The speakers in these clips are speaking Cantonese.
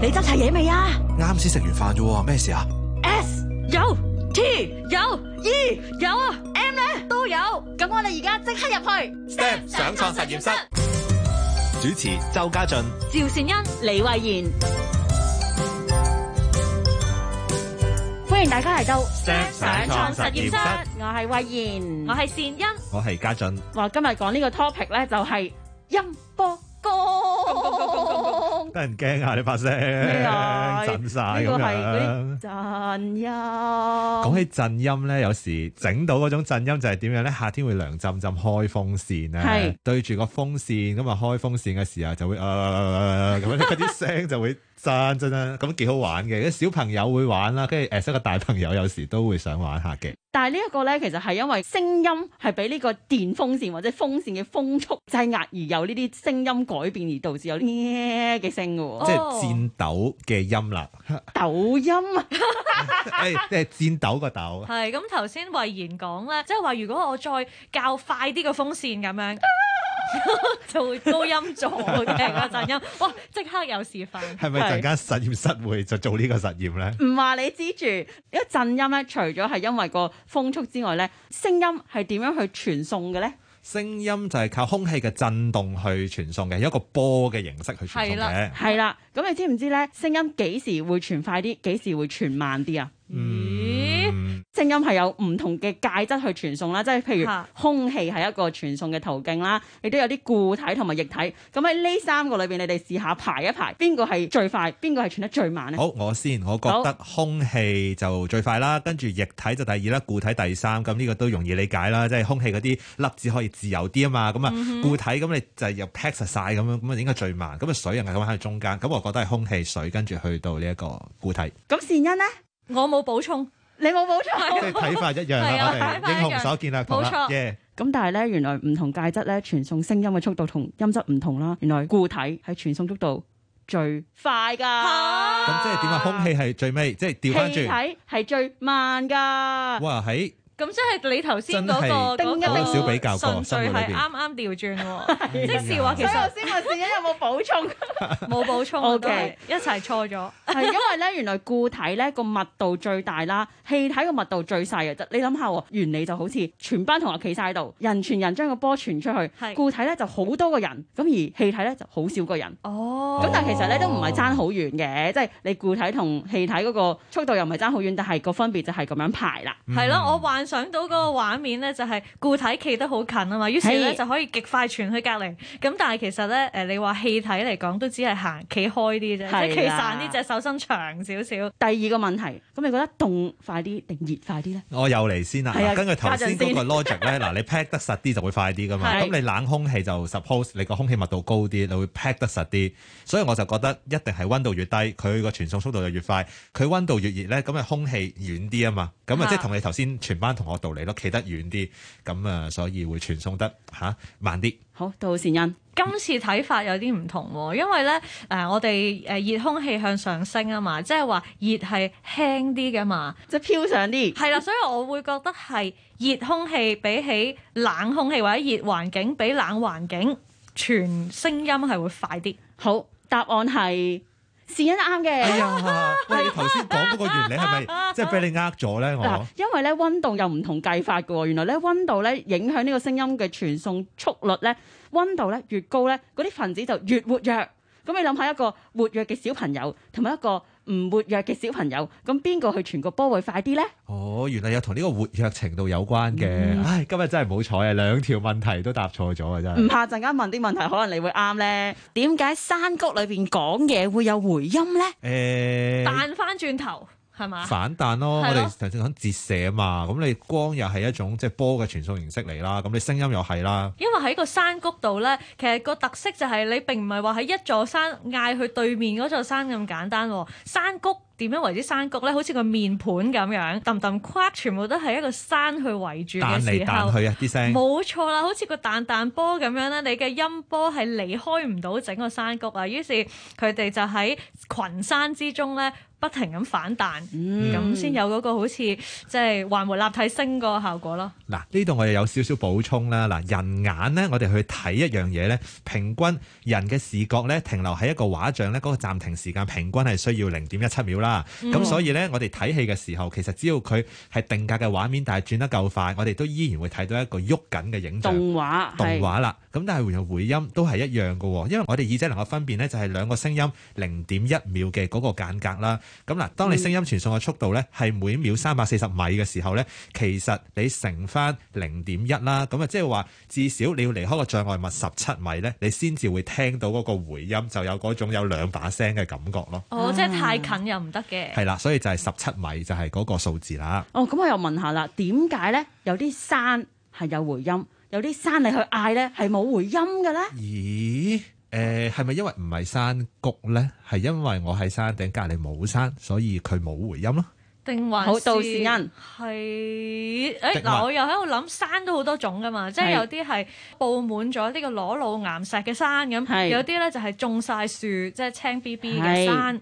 你執齊嘢未啊？啱先食完飯啫，咩事啊？S 有，T 有，E 有，M 咧都有，咁我哋而家即刻入去。STEM 上創實驗室主持周家俊、趙善恩、李慧妍，歡迎大家嚟到 STEM 上創實驗室。我係慧妍，我係善恩，我係家俊。我今日講呢個 topic 咧，就係音。得人驚啊！你把聲、哎、呀震晒咁樣，震音。講起震音咧，有時整到嗰種震音就係點樣咧？夏天會涼浸浸是，開風扇咧，對住個風扇咁啊，開風扇嘅時候就會咁，嗰啲聲就會。 真真咁幾好玩嘅，小朋友會玩啦，跟住誒，一個大朋友有時都會想玩下嘅。但係呢一個咧，其實係因為聲音係俾呢個電風扇或者風扇嘅風速制壓而有呢啲聲音改變而導致有咩嘅聲嘅。即係顫抖嘅音啦，抖音，即係顫抖個抖。係咁斗音，頭 先、 哎、慧言講咧，即係話如果我再較快啲個風扇咁樣。就會 高音噪嘅個震音，哇！即刻有示範。係咪陣間實驗室會就做呢個實驗咧？唔話你知住，因為震音咧，除咗係因為個風速之外咧，聲音係點樣去傳送嘅咧？聲音就係靠空氣嘅震動去傳送嘅，一個波嘅形式去傳送嘅。係啦了，係啦。咁你知唔知咧？聲音幾時會傳快啲，幾時會傳慢啲啊？嗯。聲音係有唔同嘅介質去傳送啦，即係譬如空氣係一個傳送嘅途徑啦，亦都有啲固體同埋液體。咁喺呢三個裏邊，你哋試下排一排，邊個係最快，邊個係傳得最慢咧？好，我先，我覺得空氣就最快啦，跟住好液體就第二啦，固體第三。咁呢個都容易理解啦，即係空氣嗰啲粒子可以自由啲啊嘛，咁啊固體咁、嗯、哼你就又 pack 實晒咁樣，咁啊應該最慢。咁啊水又係咁喺中間，咁我覺得係空氣、水跟住去到呢一個固體。咁善因呢？我冇補充。你冇冇錯？即係睇法一樣啊！我哋英雄所見啊，同啦嘅。咁但係咧，原來唔同介質咧傳送聲音嘅速度同音質唔同啦。原來固體係傳送速度最快㗎。嚇！咁即係點啊？空氣係最尾，即係調翻轉。氣體係最慢㗎。哇！喺。咁即係你頭先嗰個嗰個比較純粹係啱啱調轉喎，即是話其實先問善欣有冇補充？冇補充，O.K. 一齊錯咗。係因為咧，原來固體咧個密度最大啦，氣體個密度最細嘅。你諗下喎，原理就好似全班同學企晒喺度，人傳人將個波傳出去，固體咧就好多個人，咁而氣體咧就好少個人。哦。咁但係其實咧都唔係爭好遠嘅，即係你固體同氣體嗰個速度又唔係爭好遠，但係個分別就係咁樣排啦。係咯，我幻。上到嗰個畫面咧，就係固體企得好近啊嘛，於是咧就可以極快傳去隔離。咁但係其實咧，誒你話氣體嚟講都只係行企開啲啫，的即企散啲隻手伸長少少。第二個問題，咁你覺得凍快啲定熱快啲咧？我又嚟先啦，啊、先根據頭先嗰個 logic 咧，嗱 你 pack 得實啲就會快啲噶嘛。咁是你冷空氣就 suppose 你個空氣密度高啲，你會 pack 得實啲。所以我就覺得一定係温度越低，佢個傳送速度就越快。佢温度越熱咧，咁啊空氣遠啲啊嘛，咁啊即係同你頭先全班。同我道理咯，企得遠啲，咁啊，所以會傳送得吓、啊，慢啲。好，杜善恩，今次睇法有啲唔同，因為咧誒、呃，我哋誒熱空氣向上升啊嘛，即係話熱係輕啲嘅嘛，即係飄上啲。係啦， 所以我會覺得係熱空氣比起冷空氣或者熱環境比冷環境傳聲音係會快啲。好，答案係。是真啱嘅。係啊、哎，喂，你頭先講嗰個原理係咪即係俾你呃咗咧？我因為咧溫度有唔同計法嘅喎，原來咧溫度咧影響呢個聲音嘅傳送速率咧，溫度咧越高咧，嗰啲分子就越活躍。咁你諗下一個活躍嘅小朋友同埋一個。唔活躍嘅小朋友，咁邊個去傳個波會快啲呢？哦，原來有同呢個活躍程度有關嘅。嗯、唉，今日真係冇彩啊，兩條問題都答錯咗啊，真係。唔怕陣間問啲問題，可能你會啱呢。點解山谷裏邊講嘢會有回音呢？誒、欸，彈翻轉頭。反彈咯！啊、我哋頭先講折射嘛，咁你光又係一種即係波嘅傳送形式嚟啦，咁你聲音又係啦。因為喺個山谷度咧，其實個特色就係你並唔係話喺一座山嗌去對面嗰座山咁簡單喎，山谷。點樣為之山谷咧？好似個面盤咁樣，揼揼誇，全部都係一個山去圍住嘅時候，彈嚟彈去啊！啲聲冇錯啦，好似個彈彈波咁樣咧。你嘅音波係離開唔到整個山谷啊，於是佢哋就喺群山之中咧，不停咁反彈，咁先、嗯、有嗰個好似即係環回立體聲個效果咯。嗱、嗯，呢度我又有少少補充啦。嗱，人眼咧，我哋去睇一樣嘢咧，平均人嘅視覺咧停留喺一個畫像咧，嗰、那個暫停時間平均係需要零點一七秒啦。咁、嗯、所以呢，我哋睇戲嘅時候，其實只要佢係定格嘅畫面，但係轉得夠快，我哋都依然會睇到一個喐緊嘅影像。動畫畫，動畫啦。咁是但係回回音都係一樣噶，因為我哋耳仔能夠分辨呢，就係兩個聲音零點一秒嘅嗰個間隔啦。咁嗱，當你聲音傳送嘅速度呢，係每秒三百四十米嘅時候呢，嗯、其實你乘返零點一啦，咁啊，即係話至少你要離開個障礙物十七米呢，你先至會聽到嗰個回音，就有嗰種有兩把聲嘅感覺咯。哦，即係太近又唔得。係啦 Okay.，所以就係十七米就係、是、嗰個數字啦。哦，咁我又問下啦，點解咧有啲山係有回音，有啲山你去嗌咧係冇回音嘅咧？咦？誒、呃，係咪因為唔係山谷咧？係因為我喺山頂隔籬冇山，所以佢冇回音咯。定還是係誒嗱？我又喺度諗山都好多種㗎嘛，即係有啲係布滿咗呢個裸露岩石嘅山咁，是有啲咧就係種晒樹，即係青 B B 嘅山。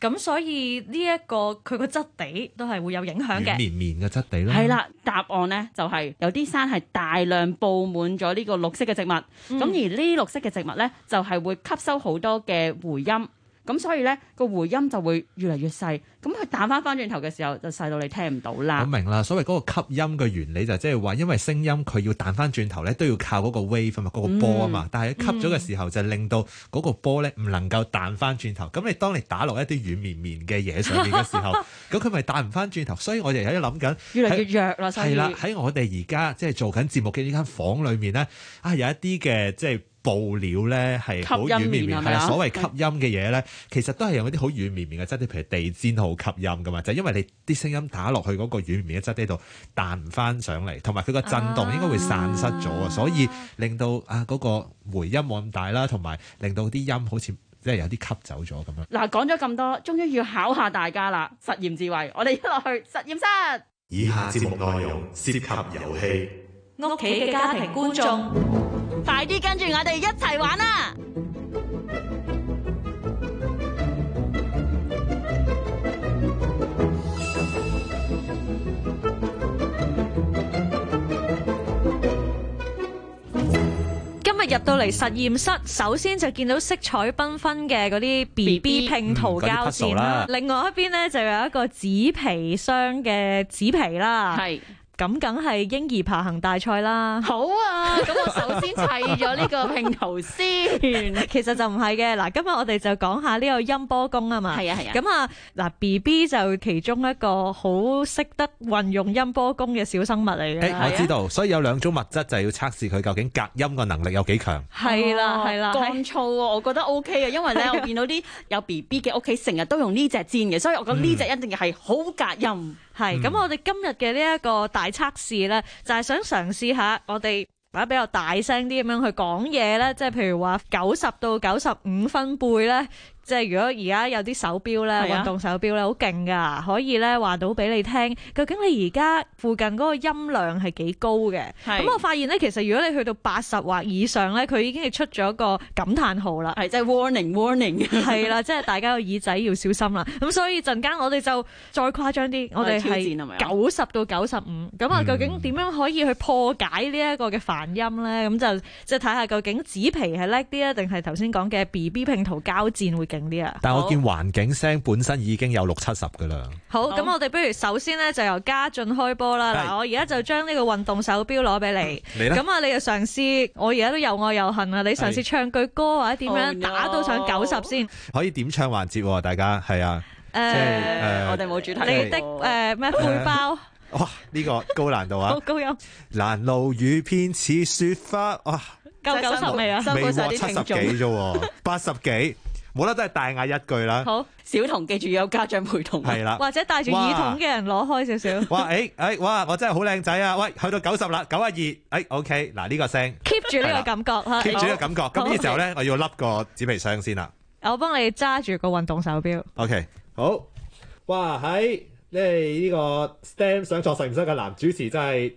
咁是所以呢、這、一個佢個質地都係會有影響嘅。綿綿嘅質地咧，係啦，答案咧就係、是、有啲山係大量布滿咗呢個綠色嘅植物，咁、嗯、而呢綠色嘅植物咧就係、是、會吸收好多嘅回音。咁所以咧個回音就會越嚟越細，咁佢彈翻翻轉頭嘅時候就細到你聽唔到啦。我明啦，所謂嗰個吸音嘅原理就即係話，因為聲音佢要彈翻轉頭咧，都要靠嗰個 wave 嘛，嗰個波啊嘛。但係吸咗嘅時候就令到嗰個波咧唔能夠彈翻轉頭。咁你、嗯、當你打落一啲軟綿綿嘅嘢上面嘅時候，咁佢咪彈唔翻轉頭。所以我哋喺度諗緊，越嚟越弱啦。係啦在，喺語我哋而家即係做緊節目嘅呢間房裏面咧，啊有一啲嘅即係。布料咧係好軟綿綿，係啦。所謂吸音嘅嘢咧，其實都係用嗰啲好軟綿綿嘅質地，譬如地氈好吸音㗎嘛。就係因為你啲聲音打落去嗰個軟綿嘅質地度彈唔返上嚟，同埋佢個震動應該會散失咗啊，所以令到啊嗰個回音冇咁大啦，同埋令到啲音好似即係有啲吸走咗咁樣。嗱，講咗咁多，終於要考下大家啦！實驗智慧，我哋一落去實驗室。以下節目內容涉及遊戲。屋企嘅家庭觀眾， 快啲跟住我哋一齊玩啦！ 今日入到嚟實驗室，首先就見到色彩繽紛嘅嗰啲 B B 拼圖膠墊啦。另外一邊呢，就有一個紙皮箱嘅紙皮啦。係。咁梗係嬰兒爬行大賽啦！好啊，咁我首先砌咗呢個拼圖先。 其實就唔係嘅，嗱，今日我哋就講下呢個音波功啊嘛。係啊係啊。咁啊，嗱，B B 就其中一個好識得運用音波功嘅小生物嚟嘅、欸。我知道，啊、所以有兩種物質就係要測試佢究竟隔音嘅能力有幾強。係啦係啦，鋼醋啊，我覺得 O K 啊，因為咧、啊、我見到啲有 B B 嘅屋企成日都用呢隻氈嘅，所以我覺得呢隻一定係好隔音。嗯係，咁我哋今日嘅呢一個大測試呢，就係想嘗試下我哋或者比較大聲啲咁樣去講嘢呢。即係譬如話九十到九十五分貝呢。即係如果而家有啲手錶咧，運動手錶咧，好勁噶，可以咧話到俾你聽究竟你而家附近個音量係幾高嘅？咁是我發現咧，其實如果你去到八十或以上咧，佢已經係出咗個感嘆號啦，係即係、就是、warning，warning，係啦，即係大家個耳仔要小心啦。咁 所以陣間我哋就再誇張啲， 我哋係九十到九十五。咁啊，究竟點樣可以去破解呢一個嘅煩音咧？咁、嗯、就即係睇下究竟紙皮係叻啲啊，定係頭先講嘅 B B 拼圖交戰會嘅？但係我見環境聲本身已經有六七十噶啦。好，咁我哋不如首先咧就由家進開波啦。嗱，我而家就將呢個運動手錶攞俾你，咁啊你又嘗試。我而家都又愛又恨啊！你嘗試唱句歌或者點樣打到上九十先？可以點唱環節？大家係啊。誒，我哋冇主題。你的誒咩背包？哇，呢個高難度啊！好高音。難路雨偏似雪花。哇，夠九十未啊？辛苦晒啲聽眾。八十幾。冇啦，真係大嗌一句啦。好，小童記住有家長陪同、啊。係啦，或者戴住耳筒嘅人攞開少少。哇！哎哎，哇！我真係好靚仔啊！喂，去到九十啦，九啊二，哎，OK，嗱呢、這個聲。keep 住呢個感覺啊！keep 住呢個感覺。咁呢 個好時候咧，好我要笠個紙皮箱先啦。我幫你揸住個運動手表。OK，好。哇！喺、哎、呢個 STEM 想做實習生嘅男主持真係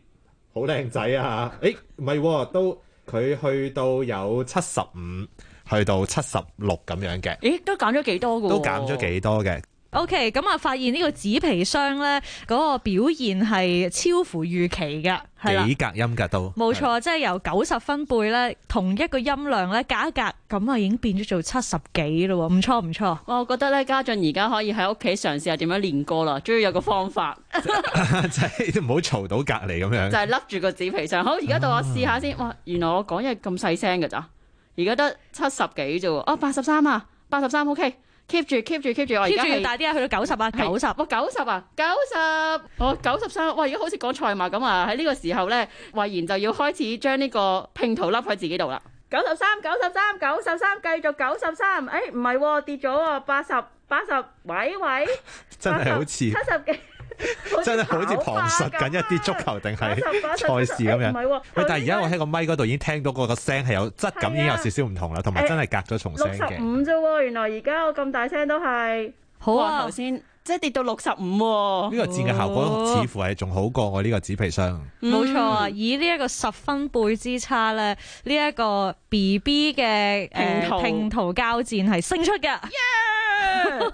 好靚仔啊！哎，唔係、啊，都佢去到有七十五。去到七十六咁樣嘅，咦？都減咗幾多嘅？都減咗幾多嘅？O K，咁啊，發現呢個紙皮箱咧，嗰個表現係超乎預期嘅，係啦，幾隔音㗎都？冇錯，是的 即係由九十分貝咧，同一個音量咧，隔一格咁啊，已經變咗做七十幾啦喎，唔錯唔錯哇。我覺得咧，家俊而家可以喺屋企嘗試下點樣練歌啦，終於有個方法， 就係唔好嘈到隔離咁樣，就係笠住個紙皮箱。好，而家到我試，試下先，啊、哇！原來我講嘢咁細聲嘅咋？而家得七十幾啫喎，哦，八十三啊，八十三，OK，keep 住，keep 住，keep 住，我而家要大啲啊，去到九十、哦、啊，九十、哦，我九十啊，九十，我九十三，喂，而家好似講賽馬咁啊，喺呢個時候咧，慧賢就要開始將呢個拼圖笠喺自己度啦。九十三，九十三，九十三，繼續九十三，誒，唔係，跌咗啊、哦，八十八十，喂喂，80, 真係好似七十幾。真係好似旁述緊一啲足球定係賽事咁樣。喂、哎，啊、但係而家我喺個咪嗰度已經聽到嗰個聲係有質感，已經有少少唔同啦，同埋、啊、真係隔咗重聲嘅。六十五啫喎，原來而家我咁大聲都係好啊！頭先即係跌到六十五喎。呢、哦、個戰嘅效果似乎係仲好過我呢個紙皮箱。冇、嗯、錯啊！以呢一個十分貝之差咧，呢、這、一個 B B 嘅拼圖膠、呃、戰係勝出嘅。咁啊 Yeah!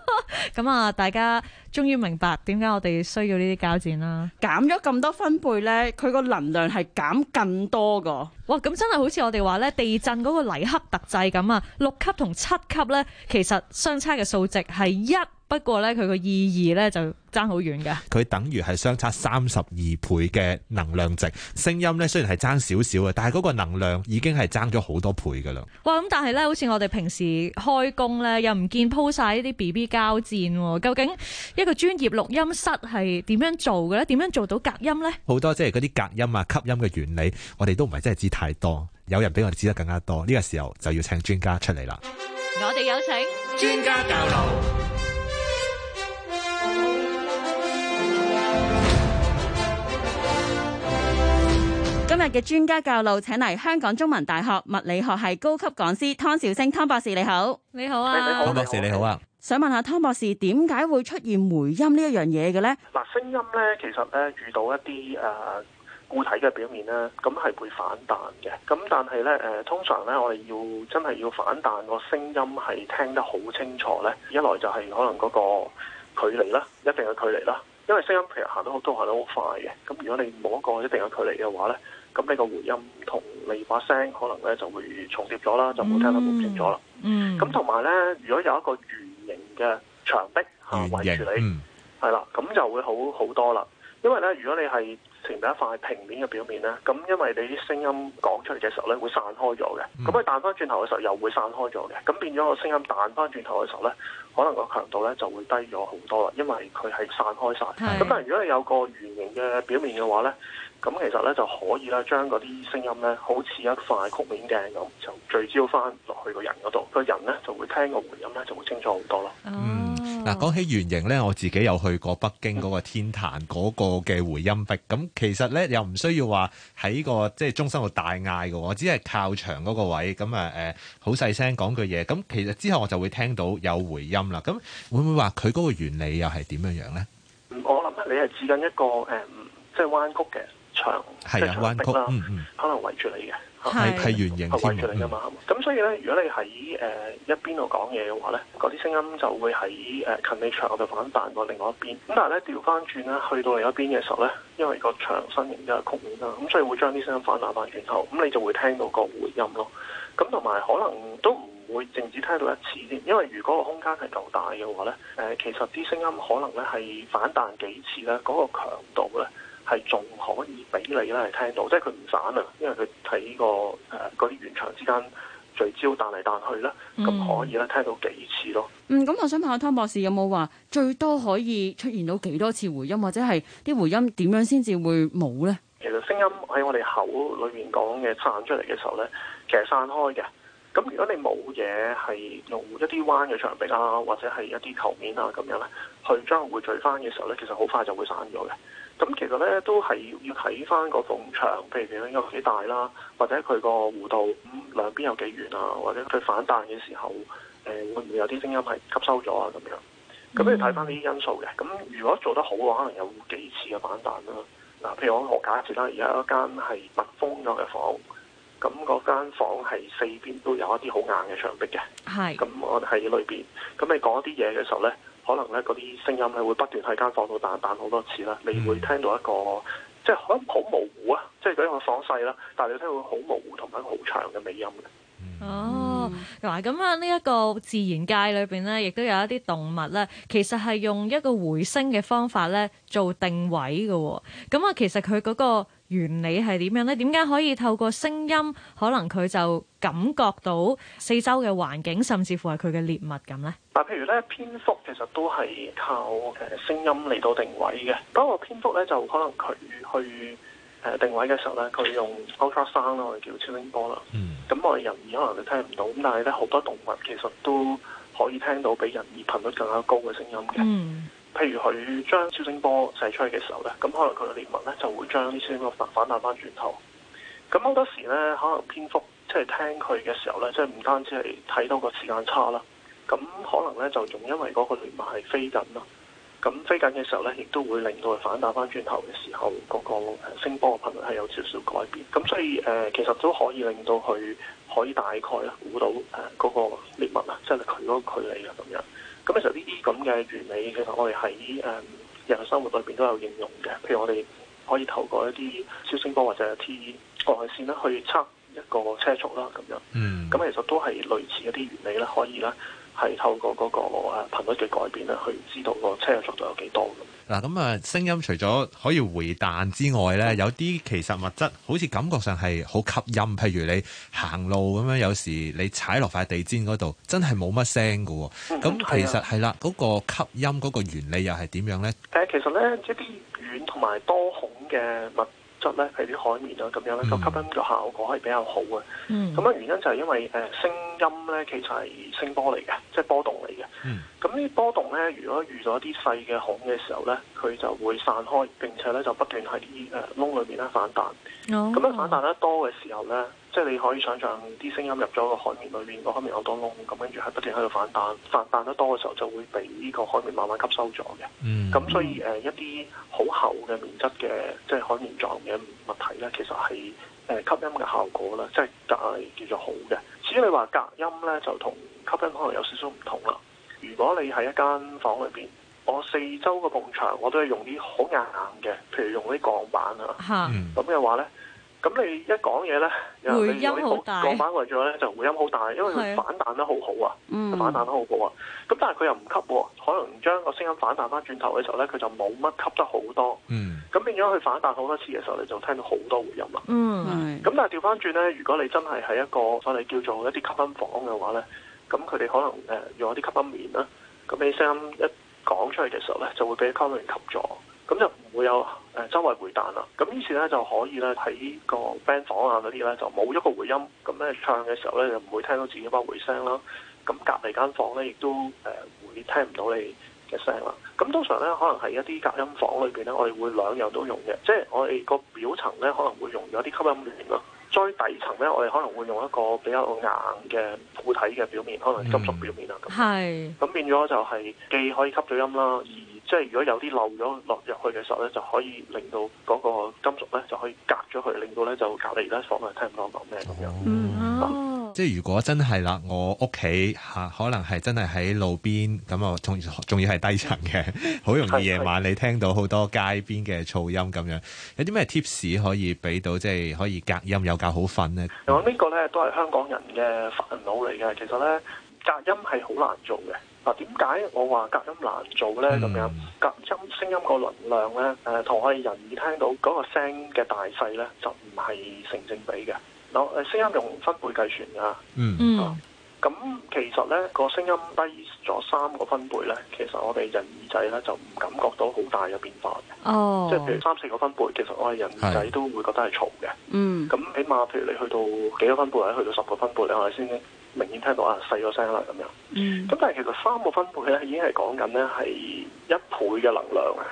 嗯，大家。終於明白點解我哋需要呢啲膠墊啦！減咗咁多分貝呢，佢個能量係減更多㗎。哇！咁真係好似我哋話呢，地震嗰個黎克特制咁啊，六級同七級呢，其實相差嘅數值係一，不過呢，佢個意義呢就爭好遠嘅。佢等於係相差三十二倍嘅能量值。聲音呢雖然係爭少少嘅，但係嗰個能量已經係爭咗好多倍噶啦。哇！咁但係呢，好似我哋平時開工呢，又唔見鋪晒呢啲 BB 膠墊喎？究竟？一個專業錄音室係點樣做嘅咧？點樣做到隔音咧？好多即係嗰啲隔音啊、吸音嘅原理，我哋都唔係真係知太多。有人比我哋知得更加多，呢個時候就要請專家出嚟啦。我哋有請專家教路。今日嘅專家教路，請嚟香港中文大學物理學系高級講師湯兆昇湯博士，你好。你好啊，湯博士你好啊。想問下湯博士，點解會出現回音呢一樣嘢嘅咧？嗱，聲音咧其實咧遇到一啲誒固體嘅表面咧，咁係會反彈嘅。咁但係咧誒，通常咧我哋要真係要反彈個聲音係聽得好清楚咧，一來就係可能嗰個距離啦，一定嘅距離啦，因為聲音其實行得好都行得好快嘅。咁如果你冇一個一定嘅距離嘅話咧，咁你個回音同你把聲可能咧就會重疊咗啦，就冇聽得咁清楚啦。嗯。咁同埋咧，如果有一個型嘅牆壁嚇圍住你，係啦，咁就會好好多啦。因為咧，如果你係成咗一塊平面嘅表面咧，咁因為你啲聲音講出嚟嘅時候咧，會散開咗嘅。咁佢彈翻轉頭嘅時候，又會散開咗嘅。咁變咗個聲音彈翻轉頭嘅時候咧，可能個強度咧就會低咗好多啦。因為佢係散開晒。咁但係如果你有個圓形嘅表面嘅話咧。咁其實咧就可以咧將嗰啲聲音咧好似一塊曲面鏡咁，就聚焦翻落去個人嗰度。個人咧就會聽個回音咧就會清楚好多咯。嗯，嗱，講起圓形咧，我自己有去過北京嗰個天壇嗰個嘅回音壁。咁其實咧又唔需要話喺個即係中心度大嗌嘅，我只係靠牆嗰個位咁啊誒，好細聲講句嘢。咁其實之後我就會聽到有回音啦。咁會唔會話佢嗰個原理又係點樣樣咧？我諗咧，你係指緊一個誒，即係彎曲嘅。牆即係彎曲，嗯，可能圍住你嘅，係係是是圓形天幕，圍住你噶嘛。咁、嗯、所以咧，如果你喺誒一邊度講嘢嘅話咧，嗰啲聲音就會喺誒近你牆度反彈過另外一邊。咁但係咧，調翻轉啦，去到另一邊嘅時候咧，因為個牆身形嘅曲面啦，咁所以會將啲聲音反彈翻轉頭，咁你就會聽到個回音咯。咁同埋可能都唔會淨止聽到一次啫，因為如果個空間係夠大嘅話咧，誒其實啲聲音可能咧係反彈幾次啦，嗰、那個強度咧。係仲可以俾你咧係聽到，即係佢唔散啊，因為佢睇呢個誒嗰啲圓牆之間聚焦彈嚟彈去啦。咁、嗯、可以咧聽到幾次咯。嗯，咁我想問下湯博士，有冇話最多可以出現到幾多次回音，或者係啲回音點樣先至會冇咧？其實聲音喺我哋口裏面講嘅散出嚟嘅時候咧，其實散開嘅。咁如果你冇嘢係用一啲彎嘅牆壁啊，或者係一啲球面啊咁樣咧，去將會聚翻嘅時候咧，其實好快就會散咗嘅。咁其實咧都係要睇翻嗰縫牆，譬如譬如有幾大啦，或者佢個弧度，咁、嗯、兩邊有幾遠啊，或者佢反彈嘅時候，誒、呃、會唔會有啲聲音係吸收咗啊咁樣？咁你睇翻呢啲因素嘅。咁如果做得好嘅話，可能有幾次嘅反彈啦。嗱、啊，譬如我假設啦，而家一間係密封咗嘅房，咁嗰間房係四邊都有一啲好硬嘅牆壁嘅。係是。咁我哋喺裏邊，咁你講一啲嘢嘅時候咧。可能咧嗰啲聲音咧會不斷喺間房度彈彈好多次啦，你會聽到一個、mm. 即係好好模糊啊，即係嗰種放細啦，但係你聽到好模糊同埋好長嘅尾音嘅。哦，嗱咁啊，呢一個自然界裏邊咧，亦都有一啲動物咧，其實係用一個回聲嘅方法咧做定位嘅、哦。咁啊，其實佢嗰、嗰個。原理係點樣咧？點解可以透過聲音，可能佢就感覺到四周嘅環境，甚至乎係佢嘅獵物咁咧？啊，譬如咧，蝙蝠其實都係靠誒聲音嚟到定位嘅。不過蝙蝠咧就可能佢去誒定位嘅時候咧，佢用 ultrasound 啦，我哋叫超聲波啦。嗯。咁我哋人耳可能聽唔到，咁但係咧好多動物其實都可以聽到比人耳頻率更加高嘅聲音嘅。嗯。譬如佢將超聲波射出去嘅時候咧，咁可能佢嘅獵物咧就會將啲超聲波反反彈翻轉頭。咁好多時咧，可能蝙蝠，即係聽佢嘅時候咧，即係唔單止係睇到個時間差啦，咁可能咧就仲因為嗰個獵物係飛緊啦。咁飛緊嘅時候咧，亦都會令到佢反彈翻轉頭嘅時候，嗰個聲波嘅頻率係有少少改變。咁所以誒，其實都可以令到佢可以大概估到誒嗰個獵物啊，即係佢嗰個距離啊咁樣。咁其實呢啲咁嘅原理，其實我哋喺誒日常生活裏邊都有應用嘅。譬如我哋可以透過一啲超聲波或者係紅外線啦，去測一個車速啦咁樣。嗯。咁其實都係類似一啲原理啦，可以啦。係透過嗰個誒頻率嘅改變咧，去知道個車嘅速度有幾多。嗱咁啊，聲、嗯、音除咗可以回彈之外咧， 有啲其實物質好似感覺上係好吸音，譬如你行路咁樣，有時你踩落塊地氈嗰度，真係冇乜聲嘅喎。咁、嗯嗯、其實係啦，嗰、啊嗯嗰個吸音嗰個原理又係點樣咧？誒，其實咧，一啲軟同埋多孔嘅物質咧，譬如啲海綿啊，咁樣咧，個、嗯、吸音嘅效果係比較好嘅。嗯，咁樣原因就係因為誒、呃、聲音咧，其實係聲波嚟嘅，即係波動嚟嘅。咁呢啲波動咧，如果遇到啲細嘅孔嘅時候咧，佢就會散開，並且咧就不斷喺啲誒窿裏邊咧反彈。咁樣、哦嗯、反彈得多嘅時候咧，即係你可以想象啲聲音入咗個海綿裏面，個海綿好多窿，咁跟住係不斷喺度反彈。反彈得多嘅時候就會俾呢個海綿慢慢吸收咗嘅。咁、嗯、所以誒、嗯呃、一啲好厚嘅棉質嘅即係海綿狀嘅物體咧，其實係誒、呃、吸音嘅效果咧，即係隔叫做好嘅。至於你話隔音咧，就同吸音可能有少少唔同啦。如果你喺一間房裏邊，我四周個牆我都係用啲好硬硬嘅，譬如用啲鋼板嚇，咁嘅、啊、話咧，咁你一講嘢咧，回音好大。鋼板為咗咧就回音好大，因為佢反彈得好好啊，的反彈得好好啊。咁但係佢又唔吸喎，可能將個聲音反彈翻轉頭嘅時候咧，佢就冇乜吸得好多。咁、嗯、變咗佢反彈好多次嘅時候，你就聽到好多回音啊。咁的的但係調翻轉咧，如果你真係喺一個我哋叫做一啲吸音房嘅話咧。咁佢哋可能誒用一啲吸音棉啦，咁你聲音一講出去嘅時候咧，就會俾吸音棉吸咗，咁就唔會有誒周圍回彈啦。咁於是咧就可以咧喺個 band 房啊嗰啲咧就冇一個回音，咁咧唱嘅時候咧就唔會聽到自己包回聲啦。咁隔離間房咧亦都誒會、呃、聽唔到你嘅聲啦。咁通常咧可能係一啲隔音房裏邊咧，我哋會兩樣都用嘅，即係我哋個表層咧可能會用咗啲吸音棉咯。最第二層咧，我哋可能會用一個比較硬嘅固體嘅表面，可能金屬表面啊咁。係、嗯。咁變咗就係既可以吸到音啦，而即係如果有啲漏咗落入去嘅時候咧，就可以令到嗰個金屬咧就可以隔咗佢，令到咧就隔籬咧房內聽唔到我講咩咁樣。嗯。嗯。即係如果真係啦，我屋企嚇可能係真係喺路邊咁啊，仲仲要係低層嘅，好 容易夜晚你聽到好多街邊嘅噪音咁樣。是是有啲咩 tips 可以俾到，即、就、係、是、可以隔音又較好瞓咧？我、嗯、呢個咧都係香港人嘅煩惱嚟嘅。其實咧隔音係好難做嘅。嗱，點解我話隔音難做咧？咁樣、嗯、隔音聲音個能量咧，誒同我哋人耳聽到嗰、那個聲嘅大細咧，就唔係成正，正比嘅。嗱，聲音用分貝計算㗎。嗯。咁、啊、其實咧，個聲音低咗三個分貝咧，其實我哋人耳仔咧就唔感覺到好大嘅變化嘅。哦。即係譬如三四個分貝，其實我哋人耳仔都會覺得係嘈嘅。嗯。咁起碼譬如你去到幾個分貝咧，去到十個分貝咧，我哋先明顯聽到啊細咗聲啦咁樣。咁、嗯、但係其實三個分貝咧，已經係講緊咧係一倍嘅能量啊。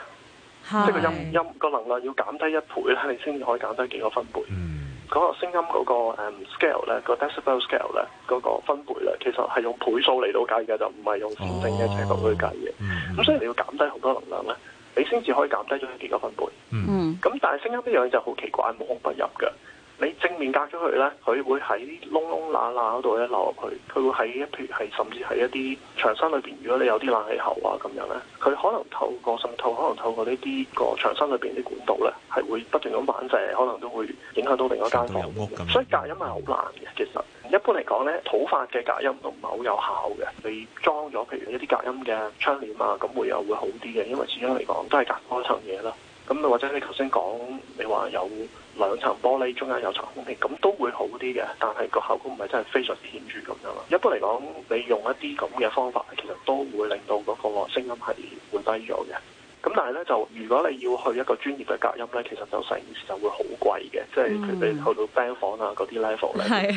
是即係個音音個能量要減低一倍咧，你先至可以減低幾個分貝。嗯。嗰個聲音嗰、嗰個、um, scale 咧，嗰個 decibel scale 咧，嗰、嗰個分貝咧，其實係用倍數嚟到計嘅，就唔係用線性嘅尺度去計嘅。咁、哦嗯、所以你要減低好多能量咧，你先至可以減低咗幾個分貝。咁、嗯、但係聲音呢樣嘢就好奇怪，無孔不入嘅。你正面隔咗佢咧，佢會喺窿窿罅罅嗰度咧漏入去。佢會喺一譬如係甚至係一啲牆身裏邊，如果你有啲冷氣喉啊咁樣咧，佢可能透過滲透，可能透過呢啲個牆身裏邊啲管道咧，係會不斷咁反射，可能都會影響到另一間房。所以隔音係好難嘅，其實一般嚟講咧，土法嘅隔音都唔係好有效嘅。你裝咗譬如一啲隔音嘅窗簾啊，咁會又會好啲嘅，因為始終嚟講都係隔嗰層嘢啦。咁你或者你頭先講你話有。兩層玻璃中間有層空氣，咁都會好啲嘅。但係個效果唔係真係非常顯著咁樣咯。一般嚟講，你用一啲咁嘅方法，其實都會令到嗰個聲音係會低咗嘅。咁但係咧，就如果你要去一個專業嘅隔音咧，其實就成件事就會好貴嘅。即係譬如去到 band 房啊嗰啲 level 咧。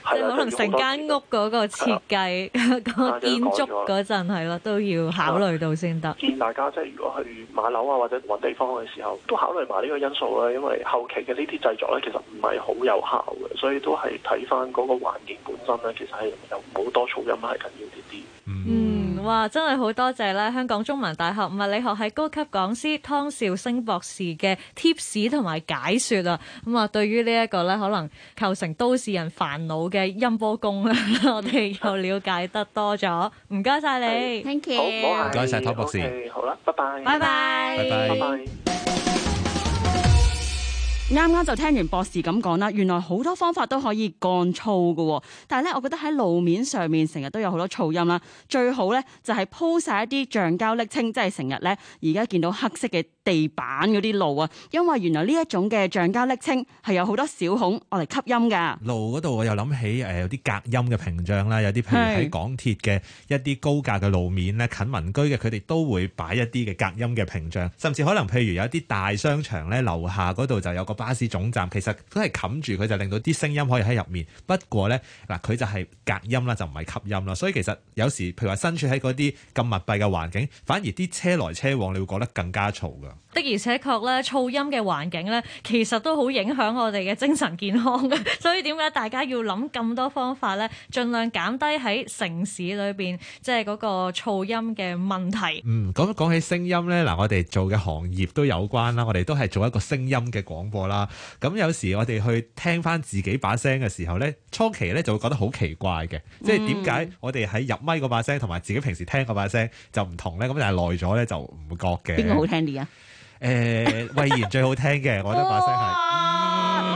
即係可能成間屋嗰個設計， 個建築嗰陣係咯，都要考慮到先得。建議大家即係如果去買樓啊或者搵地方嘅時候，都考慮埋呢個因素啦。因為後期嘅呢啲製作咧，其實唔係好有效嘅，所以都係睇翻嗰個環境本身咧。其實係有好多噪音係緊要啲啲。嗯。哇！真係好多謝啦，香港中文大學物理學系高級講師湯兆昇博士嘅貼士同埋解說啊！咁、嗯、啊，對於呢一個咧，可能構成都市人煩惱嘅音波功啦， 我哋又了解得多咗。唔該晒你、哎，Thank you，唔該晒湯博士，okay, 好啦，拜拜，拜拜，拜拜。啱啱就聽完博士咁講啦，原來好多方法都可以降噪㗎、喎，但係呢，我覺得喺路面上面成日都有好多噪音啦，最好呢就係、是、鋪晒一啲橡膠瀝青，即係成日呢而家見到黑色嘅地板嗰啲路啊，因為原來呢一種嘅橡膠瀝青係有好多小孔，嚟吸音噶。路嗰度我又諗起誒、呃，有啲隔音嘅屏障啦，有啲譬如喺港鐵嘅一啲高架嘅路面咧，是近民居嘅，佢哋都會擺一啲嘅隔音嘅屏障。甚至可能譬如有啲大商場咧，樓下嗰度就有個巴士總站，其實都係冚住佢，就令到啲聲音可以喺入面。不過咧，嗱佢就係隔音啦，就唔係吸音啦。所以其實有時譬如話身處喺嗰啲咁密閉嘅環境，反而啲車來車往你會覺得更加嘈噶。的而且確咧，噪音嘅環境咧，其實都好影響我哋嘅精神健康。所以點解大家要諗咁多方法咧，盡量減低喺城市裏邊即係嗰個噪音嘅問題。嗯，咁講起聲音咧，嗱，我哋做嘅行業都有關啦。我哋都係做一個聲音嘅廣播啦。咁有時我哋去聽返自己把聲嘅時候咧，初期咧就會覺得好奇怪嘅，即係點解我哋喺入咪嗰把聲同埋自己平時聽嗰把聲就唔同咧？咁但係耐咗咧就唔覺嘅。邊個好聽啲啊？誒，魏然、呃、最好聽嘅， 我覺得把聲係。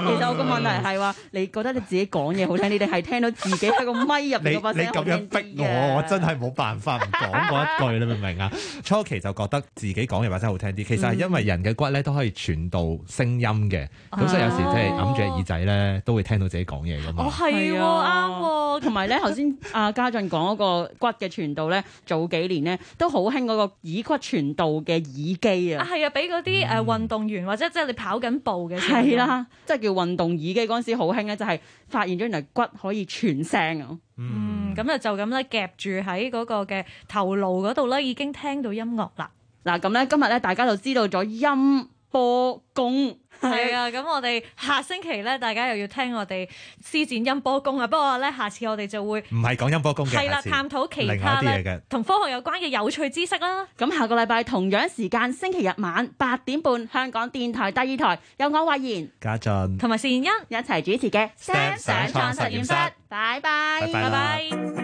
其實我個問題係話，你覺得你自己講嘢好聽，你哋係聽到自己喺個咪入嚟。你咁樣逼我，我真係冇辦法唔講嗰一句。你明唔明啊？初期就覺得自己講嘢話真係好聽啲，其實係因為人嘅骨咧都可以傳導聲音嘅，咁、嗯哦、所以有時即係揞住耳仔咧都會聽到自己講嘢噶嘛。哦，係啱、啊，同埋咧頭先阿家俊講嗰個骨嘅傳導咧，早幾年咧都好興嗰個耳骨傳導嘅耳機啊。啊，係啊，俾嗰啲誒運動員或者即係你跑緊步嘅，係啦、嗯啊，即係叫。運動耳機嗰陣時好興咧，就係、是、發現咗原來骨可以傳聲啊！嗯，咁咧就咁咧，夾住喺嗰個嘅頭顱嗰度咧，已經聽到音樂啦。嗱、啊，咁咧今日咧，大家就知道咗音波播功，係啊， 咁我哋下星期咧，大家又要聽我哋施展音波功啊！不過咧，下次我哋就會唔係講音波功嘅，係啦，探討其他嘢嘅同科學有關嘅有趣知識啦。咁下個禮拜同樣時間，星期日晚八點半，香港電台第二台有我慧賢、嘉俊同埋善音一齊主持嘅《上上創實驗室》。拜拜，拜拜。